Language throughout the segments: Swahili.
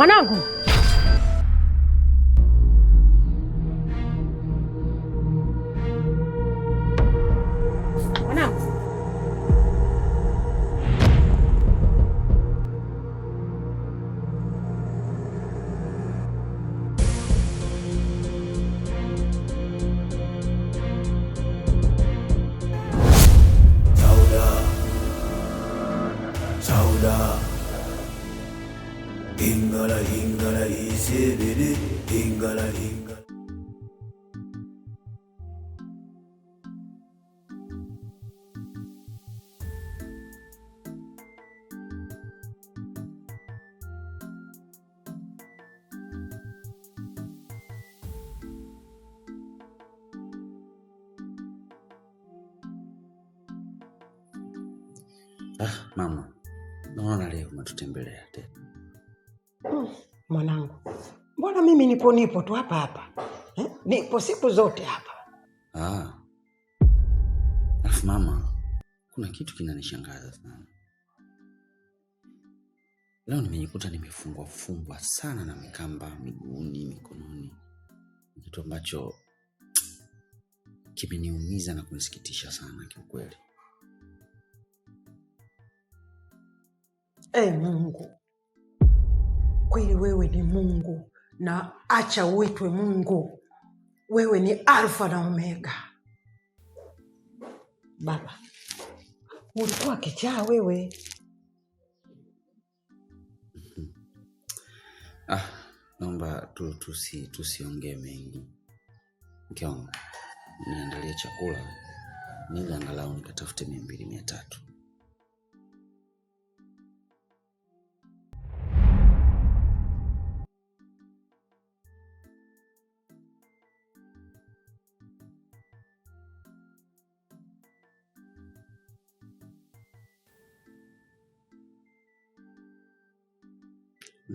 mwanangu Ah, mama, naona leo umetutembelea tena. Hmm, mwanangu, mbona mimi nipo nipo tu hapa hapa eh? Nipo siku zote hapa ah. Alafu mama, kuna kitu kinanishangaza sana leo. Nimejikuta nimefungwa fungwa sana na mikamba miguuni, mikononi, kitu ambacho kimeniumiza na kunisikitisha sana kiukweli. E Mungu, kweli wewe ni Mungu na acha uitwe Mungu. Wewe ni Alfa na Omega. Baba, ulikuwa kichaa wewe. Ah, naomba tu tusi tusiongee mengi. kiongo niandalie chakula nili angalau nikatafute mia mbili mia tatu.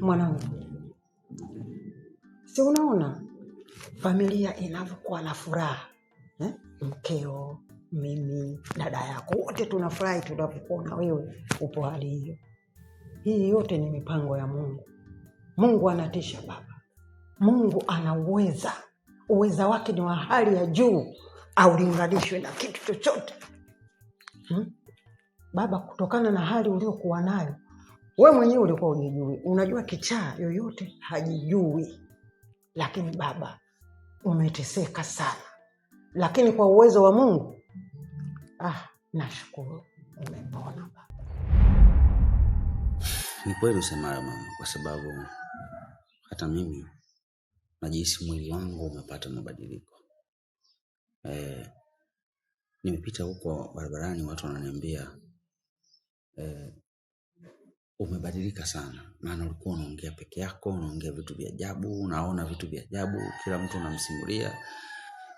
mwanangu, si unaona familia inavyokuwa na furaha eh? Mkeo, mimi, dada yako, wote tunafurahi tunapokuona wewe upo hali hiyo. Hii yote ni mipango ya Mungu. Mungu anatisha baba, Mungu anauweza, uweza wake ni wa hali ya juu, aulinganishwe na kitu chochote hmm? Baba, kutokana na hali uliokuwa nayo we mwenyewe ulikuwa ujijui, unajua kichaa yoyote hajijui, lakini baba umeteseka sana, lakini kwa uwezo wa Mungu ah, nashukuru umepona baba. Ni kweli usemayo mama, kwa sababu hata mimi najihisi mwili wangu umepata mabadiliko eh, nimepita huko barabarani watu wananiambia eh, umebadilika sana, maana ulikuwa unaongea peke yako, unaongea vitu vya ajabu, unaona vitu vya ajabu, kila mtu unamsimulia.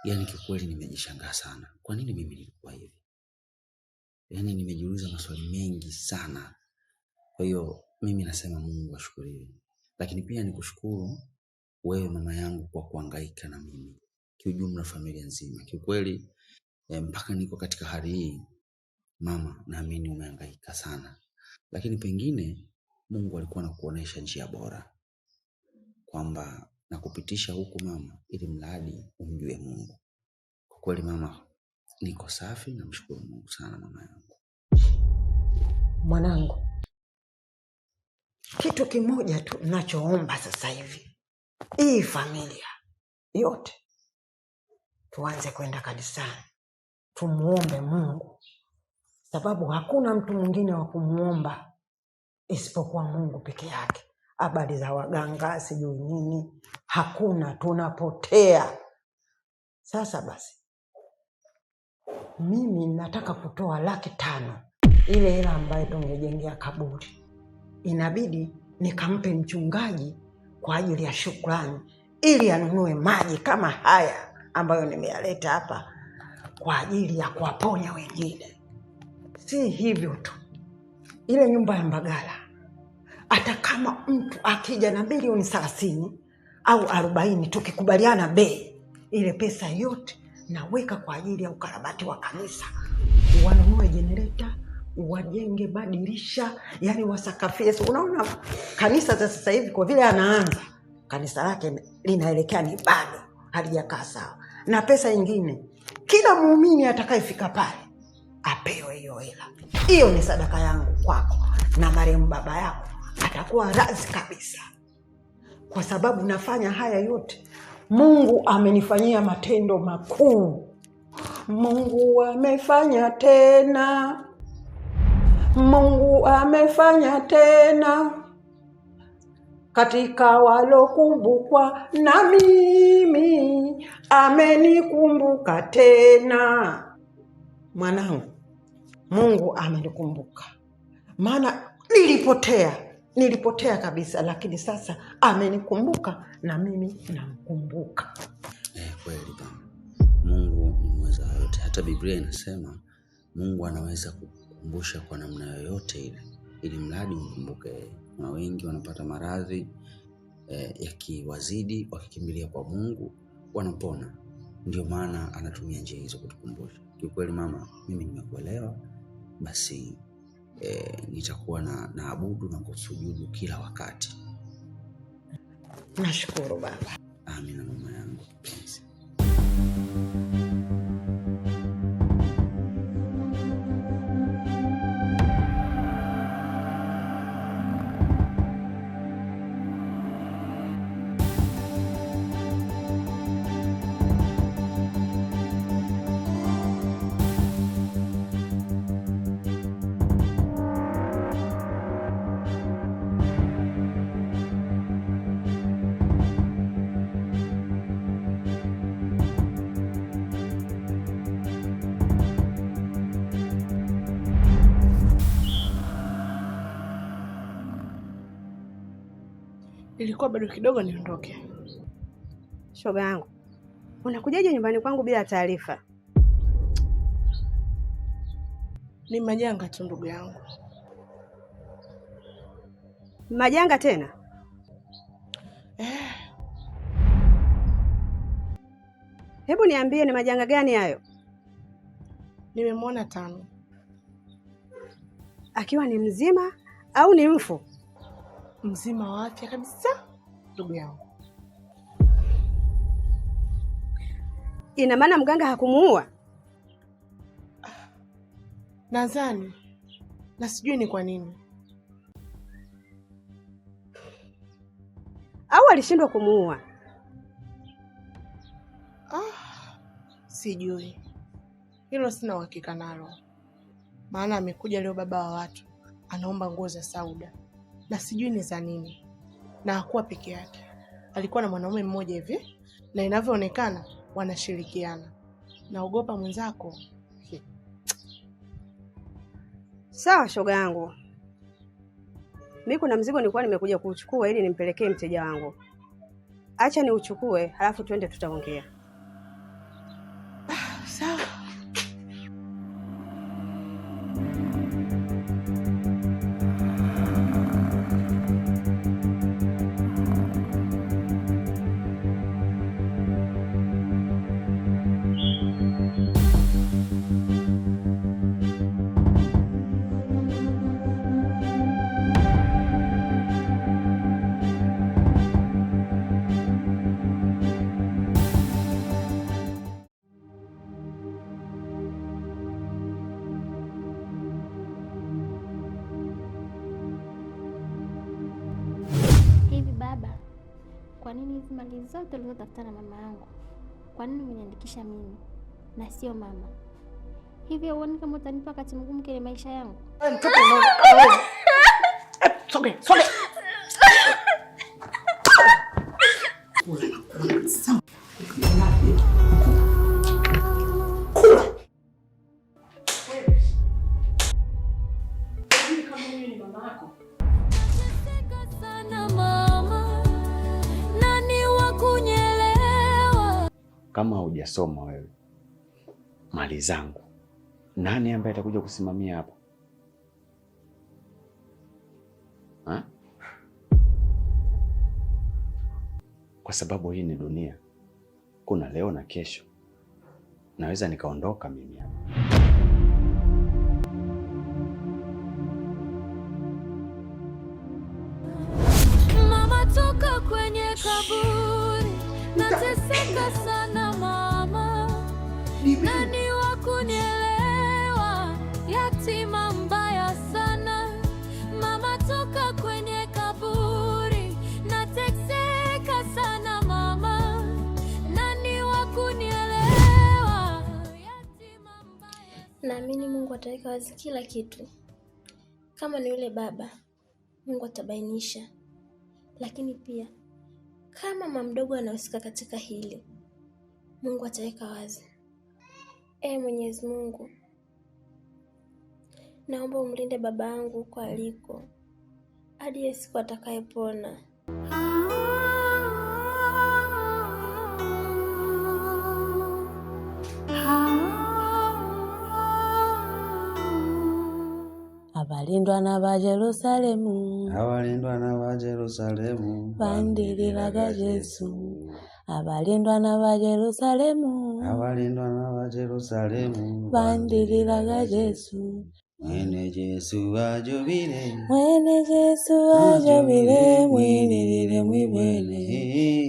Yani kikweli nimejishangaa sana, kwa nini mimi nilikuwa hivi? Yani nimejiuliza maswali mengi sana. Kwa hiyo mimi nasema Mungu ashukuriwe, lakini pia nikushukuru wewe mama yangu kwa kuangaika na mimi, kiujumla familia nzima. Kiukweli eh, mpaka niko katika hali hii, mama, naamini umeangaika sana lakini pengine Mungu alikuwa anakuonesha njia bora kwamba nakupitisha huku mama, ili mradi umjue Mungu. Kwa kweli mama, niko safi, namshukuru Mungu sana mama yangu. Mwanangu, kitu kimoja tu nachoomba sasa hivi, hii familia yote tuanze kwenda kanisani, tumuombe Mungu sababu hakuna mtu mwingine wa kumwomba isipokuwa Mungu peke yake. Habari za waganga sijui nini, hakuna, tunapotea. Sasa basi, mimi nataka kutoa laki tano, ile hela ambayo tungejengea kaburi, inabidi nikampe mchungaji kwa ajili ya shukrani, ili anunue maji kama haya ambayo nimeyaleta hapa kwa ajili ya kuwaponya wengine. Si hivyo tu, ile nyumba ya Mbagala, hata kama mtu akija na bilioni thelathini au arobaini, tukikubaliana bei, ile pesa yote naweka kwa ajili ya ukarabati wa kanisa, wanunue jenereta wajenge badirisha, yani wasakafie. Unaona kanisa za sasa hivi, kwa vile anaanza kanisa lake linaelekea, ni bado halijakaa sawa. Na pesa nyingine, kila muumini atakayefika pale apewe hiyo hela. Hiyo ni sadaka yangu kwako, na marehemu baba yako atakuwa razi kabisa, kwa sababu nafanya haya yote. Mungu amenifanyia matendo makuu. Mungu amefanya tena, Mungu amefanya tena katika walokumbukwa, na mimi amenikumbuka tena, mwanangu. Mungu amenikumbuka, maana nilipotea, nilipotea kabisa, lakini sasa amenikumbuka na mimi namkumbuka. Eh, kweli Bwana Mungu ni yote. Hata Biblia inasema Mungu anaweza kukumbusha kwa namna yoyote ile, ili mradi mkumbuke. Na wengi wanapata maradhi eh, yakiwazidi, wakikimbilia kwa Mungu wanapona. Ndio maana anatumia njia hizo kutukumbusha. Kiukweli mama, mimi nimekuelewa basi e, nitakuwa na naabudu na kusujudu kila wakati. Nashukuru Baba. Amina mama. nilikuwa bado kidogo niondoke. Shoga yangu, unakujaje nyumbani kwangu bila taarifa? Ni majanga tu ndugu yangu. Majanga tena eh? Hebu niambie, ni majanga gani hayo? Nimemwona Tano akiwa ni mzima au ni mfu? Mzima wa afya kabisa ndugu yangu. Ina maana mganga hakumuua? Nadhani na sijui ni kwa nini, au alishindwa kumuua. Ah, sijui hilo, sina uhakika nalo, maana amekuja leo baba wa watu anaomba nguo za Sauda na sijui ni za nini na hakuwa peke yake, alikuwa na mwanaume mmoja hivi, na inavyoonekana wanashirikiana. Naogopa mwenzako. Sawa shoga yangu, mi kuna mzigo nilikuwa nimekuja kuuchukua ili nimpelekee mteja wangu. Acha niuchukue, halafu twende, tutaongea. zote ulizotafuta na mama yangu, kwa nini umeniandikisha mimi na sio mama? Hivyo uone kama utanipa wakati mgumu kwenye maisha yangu? kama hujasoma wewe mali zangu, nani ambaye atakuja kusimamia hapo ha? Kwa sababu hii ni dunia, kuna leo na kesho, naweza nikaondoka mimi hapa. Mama toka kwenye kaburi, nateseka sana nani wa kunielewa? Yatima mbaya sana, mama toka kwenye kaburi, nateseka sana mama, nani wa kunielewa? Yatima mbaya. Naamini Mungu ataweka wazi kila kitu. Kama ni yule baba, Mungu atabainisha, lakini pia kama mama mdogo anahusika katika hili Mungu ataweka wazi. Ee Mwenyezi Mungu, naomba umlinde baba yangu huko aliko hadi ile siku atakayepona. Abalindwa na ba Yerusalemu, abalindwa na ba Yerusalemu, bandiriraga Yesu abalindwa n'abajerusaalemu abalindwa n'abajerusaalemu bandiriraga yesu mwene yesu ajubile mwene yesu ajubile mwililile mwibene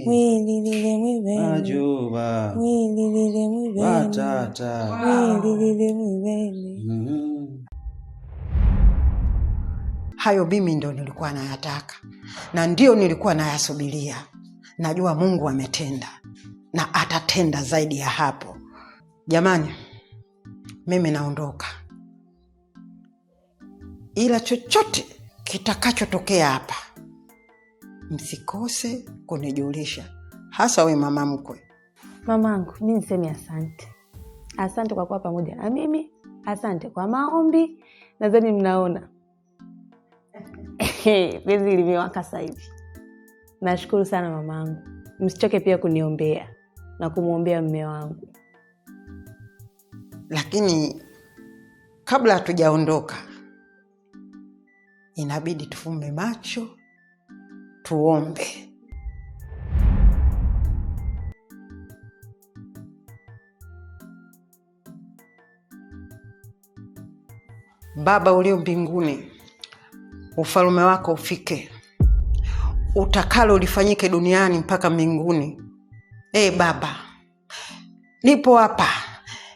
mwililile mwibene ajuba mwililile mwibene batata mwililile mwibene hayo mimi ndo nilikuwa nayataka na ndio nilikuwa nayasubiria najua Mungu ametenda na atatenda zaidi ya hapo. Jamani, mimi naondoka, ila chochote kitakachotokea hapa msikose kunijulisha, hasa we mama mkwe. Mamangu, mi niseme asante, asante kwa kuwa pamoja na mimi, asante kwa maombi. Nadhani mnaona bezi limewaka sahivi. Nashukuru sana mamangu. Msichoke pia kuniombea na kumwombea mme wangu. Lakini kabla hatujaondoka, inabidi tufumbe macho tuombe. Baba ulio mbinguni, ufalume wako ufike utakalo lifanyike duniani mpaka mbinguni. Ee Baba, nipo hapa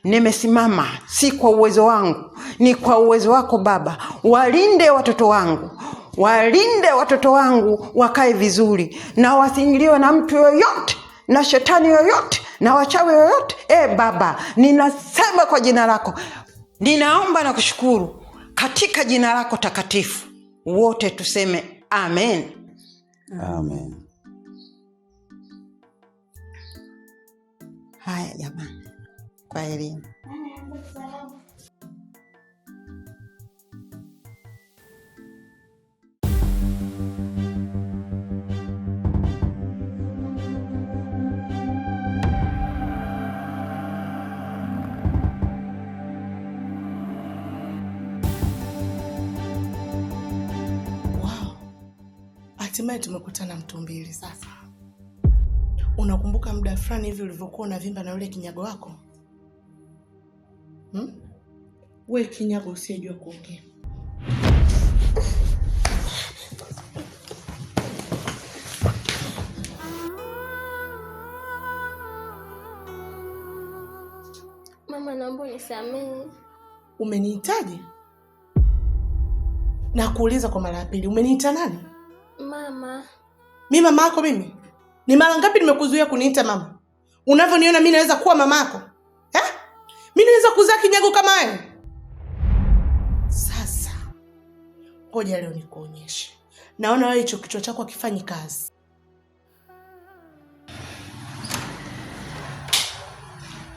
nimesimama, si kwa uwezo wangu, ni kwa uwezo wako Baba. Walinde watoto wangu, walinde watoto wangu wakae vizuri na wasiingiliwe na mtu yoyote na shetani yoyote na wachawi yoyote. E Baba, ninasema kwa jina lako, ninaomba na kushukuru katika jina lako takatifu. Wote tuseme amen. Amen. Haya jamani, kwa Hatimaye tumekutana mtu mbili sasa. Unakumbuka muda fulani hivi ulivyokuwa unavimba na yule kinyago wako? Hmm? We kinyago usiyejua kuongea. Mama, naomba unisamehe. Umenihitaji? Na kuuliza kwa mara ya pili, umeniita nani? mama. Mi mama yako mimi? Ni mara ngapi nimekuzuia kuniita mama? Unavyoniona mi naweza kuwa mama yako eh? Mi naweza kuzaa kinyago kama hayo? Sasa ngoja leo nikuonyeshe. Naona wewe hicho kichwa chako hakifanyi kazi.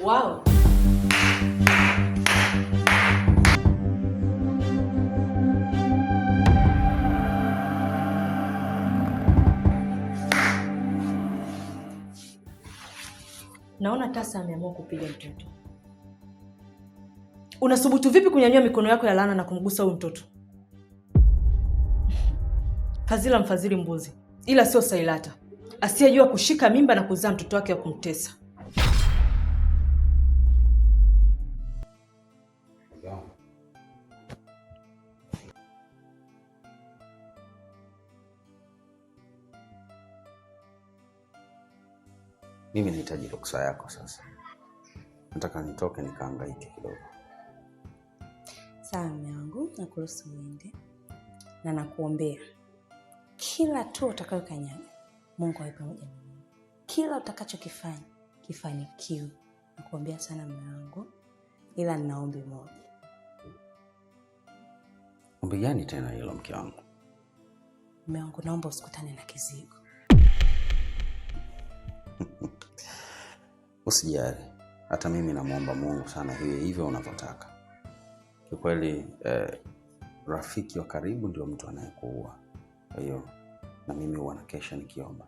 Wow. Naona tasa ameamua kupiga mtoto. Unasubutu vipi kunyanyua mikono yako ya lana na kumgusa huyu mtoto? Fazila mfadhili mbuzi, ila sio Sailata asiyejua kushika mimba na kuzaa mtoto wake wa kumtesa. Mimi nahitaji ruksa yako sasa, nataka nitoke nikaangaike kidogo. Sawa mume wangu, nakuruhusu uende, na nakuombea kila tu utakayokanyaga Mungu awe pamoja na wewe, kila utakachokifanya kifanikiwe. Nakuombea sana mume wangu, ila nina ombi moja. Ombi gani tena hilo, mke wangu? Mume wangu, naomba usikutane na kizigo usijali, hata mimi namwomba Mungu sana hiyo hivyo unavyotaka. Kiukweli eh, rafiki wa karibu ndio mtu anayekuua. Kwa hiyo na mimi huwa nakesha nikiomba,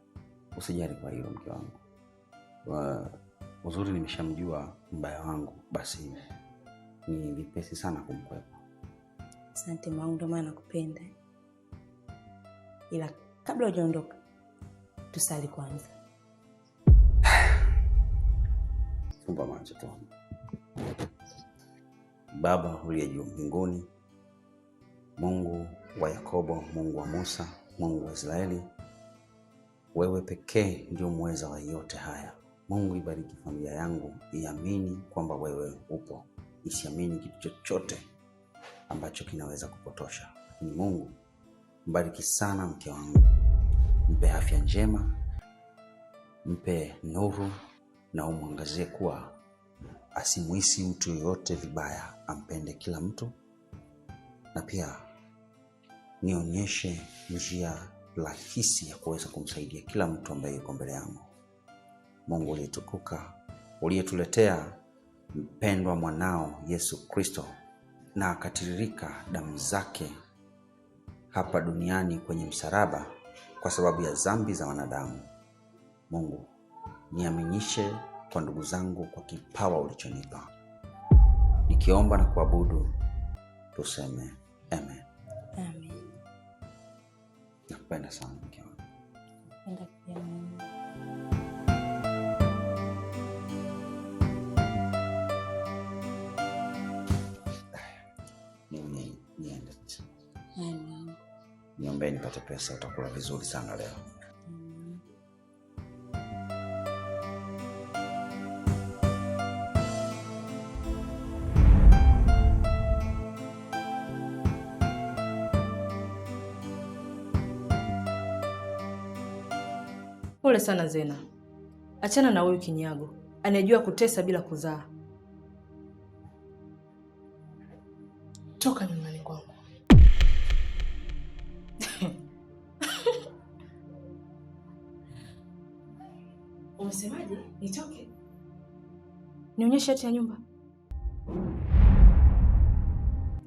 usijali kwa hilo mke wangu wa, uzuri nimeshamjua mbaya wangu, basi ni vipesi sana kumkwepa. Asante mwangu, ndio maana nakupenda, ila kabla hujaondoka tusali kwanza. Funga macho tu. Baba uliye juu mbinguni, Mungu wa Yakobo, Mungu wa Musa, Mungu wa Israeli, wewe pekee ndio muweza wa yote haya. Mungu, ibariki familia yangu, iamini kwamba wewe upo, isiamini kitu chochote ambacho kinaweza kupotosha. Lakini Mungu, mbariki sana mke wangu, mpe afya njema, mpe nuru na umwangazie kuwa asimuhisi mtu yoyote vibaya, ampende kila mtu, na pia nionyeshe njia rahisi ya kuweza kumsaidia kila mtu ambaye yuko mbele yangu. Mungu uliyetukuka, uliyetuletea mpendwa mwanao Yesu Kristo na akatiririka damu zake hapa duniani kwenye msaraba kwa sababu ya zambi za wanadamu. Mungu niaminishe kwa ndugu zangu kwa kipawa ulichonipa, nikiomba na kuabudu, tuseme amen. Amen. Nakupenda sana mke wangu. niombee nipate pesa, utakula vizuri sana leo. Pole sana Zena, achana na huyu kinyago anayejua kutesa bila kuzaa. Toka nyumbani kwangu! Umesemaje? Nitoke? Nionyeshe hati ya nyumba,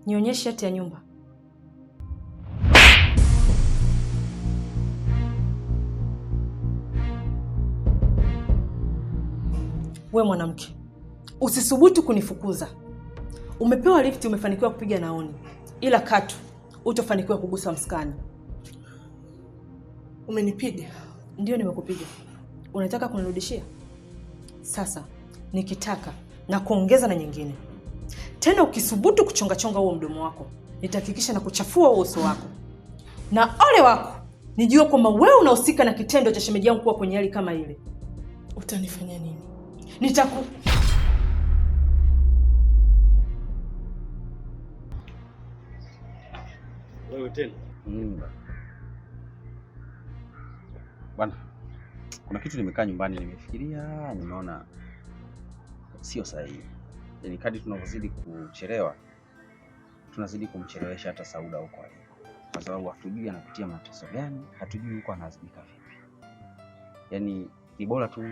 nionyeshe hati ya nyumba. We mwanamke, usisubutu kunifukuza. Umepewa lifti, umefanikiwa kupiga naoni, ila katu utofanikiwa kugusa mskani. Umenipiga? Ndio, nimekupiga. Unataka kunirudishia? Sasa nikitaka na kuongeza na nyingine tena. Ukisubutu kuchongachonga huo mdomo wako, nitahakikisha na kuchafua huo uso wako na ole wako, nijue kwamba wewe unahusika na kitendo cha shemeji yangu kuwa kwenye hali kama ile. Utanifanya nini? nitaku wewe tena mm. Bwana, kuna kitu nimekaa nyumbani nimefikiria, nimeona sio sahihi. Yaani kadi tunavyozidi kuchelewa tunazidi kumchelewesha hata Sauda huko aliko, kwa sababu hatujui anapitia mateso gani, hatujui yuko anaazimika vipi. Yaani ni bora tu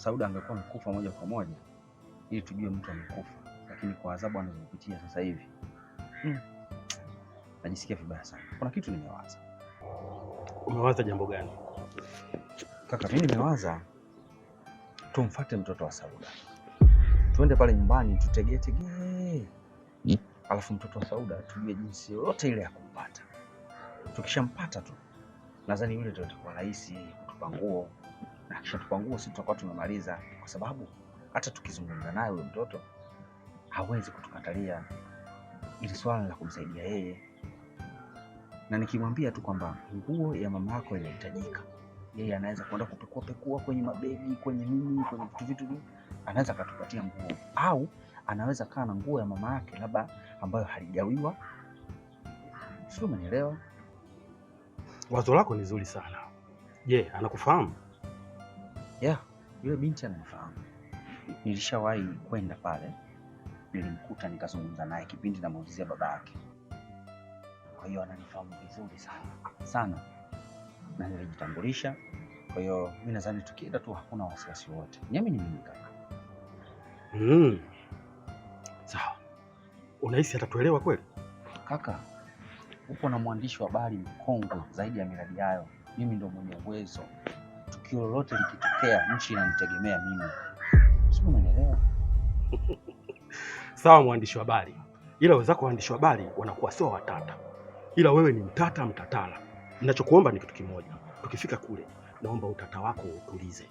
Sauda angekuwa mkufa moja kwa moja ili tujue mtu amekufa, lakini kwa adhabu anazopitia sasa hivi mm. Najisikia vibaya sana. Kuna kitu nimewaza. Umewaza jambo gani? Kaka, mimi nimewaza tumfuate mtoto wa Sauda, tuende pale nyumbani tutegee tegee, alafu mtoto wa Sauda tujue jinsi yoyote ile ya kumpata. Tukishampata tu, nadhani yule ndio atakuwa rahisi kutupa nguo na nguo tupangue, sisi tutakuwa tumemaliza, kwa sababu hata tukizungumza naye huyo mtoto hawezi kutukatalia ili swala la kumsaidia yeye, na nikimwambia tu kwamba nguo ya mama yako inahitajika, yeye anaweza kwenda kupekua pekua kwenye mabegi, kwenye nini, kwenye vitu vitu, anaweza akatupatia nguo, au anaweza kaa na nguo ya mama yake labda ambayo halijawiwa. Sio, umenielewa? Wazo lako ni zuri sana. Je, yeah, anakufahamu? Yeah, yule binti anamfahamu Nilishawahi kwenda pale, nilimkuta nikazungumza naye kipindi namuulizia baba yake. Kwa hiyo ananifahamu vizuri sana sana, na nilijitambulisha. Kwa hiyo mimi nadhani tukienda tu hakuna wasiwasi wote. Nyami ni mimi kaka. Mm. Sawa. Unahisi atatuelewa kweli? Kaka, Upo na mwandishi wa habari mkongwe zaidi ya miradi yayo. Mimi ndo mwenye uwezo tukio lolote likitokea, nchi inanitegemea mimi, sio? Unaelewa? Sawa mwandishi wa habari, ila wenzako waandishi wa habari wanakuwa sio watata, ila wewe ni mtata mtatala. Ninachokuomba ni kitu kimoja, tukifika kule, naomba utata wako utulize,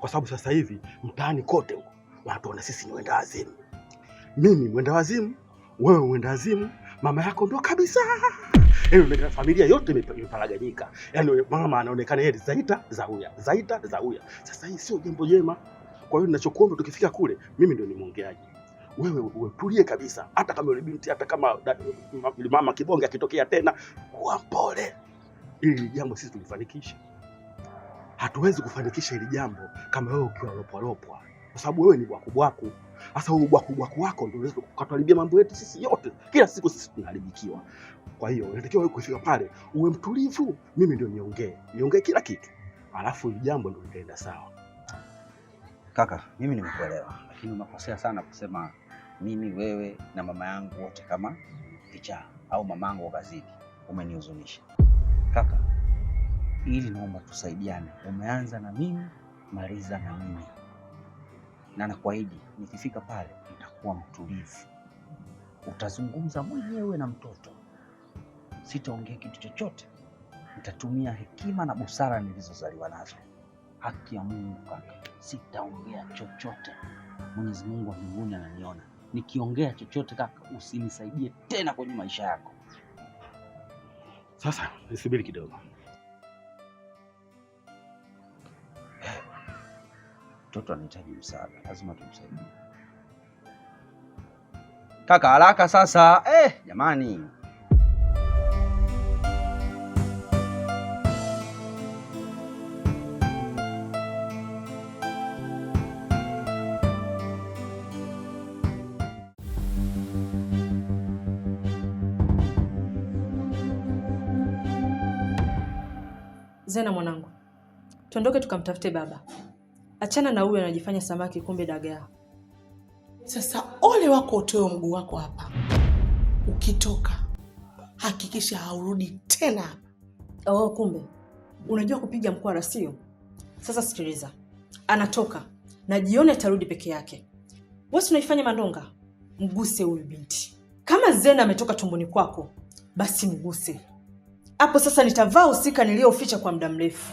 kwa sababu sasa hivi mtaani kote huko wanatuona sisi ni wenda wazimu. Mimi mwenda wazimu, wewe mwenda wazimu, mama yako ndo kabisa. Yaani familia yote imeparaganyika. Yaani mama anaonekana yeye zaita za huya, zaita za huya. Sasa hii sio jambo jema. Kwa hiyo ninachokuomba tukifika kule, mimi ndio ni nimwongeaji. Wewe utulie kabisa, hata kama yule binti, hata kama mama kibonge akitokea tena, kuwa mpole ili jambo sisi tulifanikisha. Hatuwezi kufanikisha hili jambo kama wewe ukiwa lopwa lopwa, kwa sababu wewe ni bwakubwaku. Sasa huyu bwakubwaku wako ndio unaweza kutuharibia mambo yetu sisi yote. Kila siku sisi tunaharibikiwa. Kwa hiyo unatakiwa wewe kufika pale uwe mtulivu, mimi ndio niongee niongee kila kitu, alafu jambo ndio litaenda sawa. Kaka, mimi nimekuelewa, lakini unakosea sana kusema mimi wewe na mama yangu wote kama vichaa au mamangu wakazidi. Umenihuzunisha kaka, ili naomba tusaidiane. Umeanza na mimi, maliza na mimi, na nakuahidi nikifika pale nitakuwa mtulivu, utazungumza mwenyewe na mtoto sitaongea kitu chochote, nitatumia hekima na busara nilizozaliwa nazo. Haki ya Mungu kaka, sitaongea chochote. Mwenyezi Mungu wa mbinguni ananiona, nikiongea chochote kaka, usinisaidie tena kwenye maisha yako. Sasa nisubiri kidogo. Mtoto anahitaji msaada, lazima tumsaidie kaka, haraka sasa. Eh, jamani. Zena mwanangu, tuondoke tukamtafute baba. Achana na huyu anajifanya samaki, kumbe dagaa. Sasa ole wako utoe mguu wako hapa. Ukitoka hakikisha haurudi tena Oh, kumbe unajua kupiga mkwara, sio? Sasa sikiliza, anatoka na jioni atarudi peke yake. Wewe unaifanya mandonga, mguse huyu binti. Kama Zena ametoka tumboni kwako, basi mguse. Hapo sasa nitavaa husika niliyoficha kwa muda mrefu.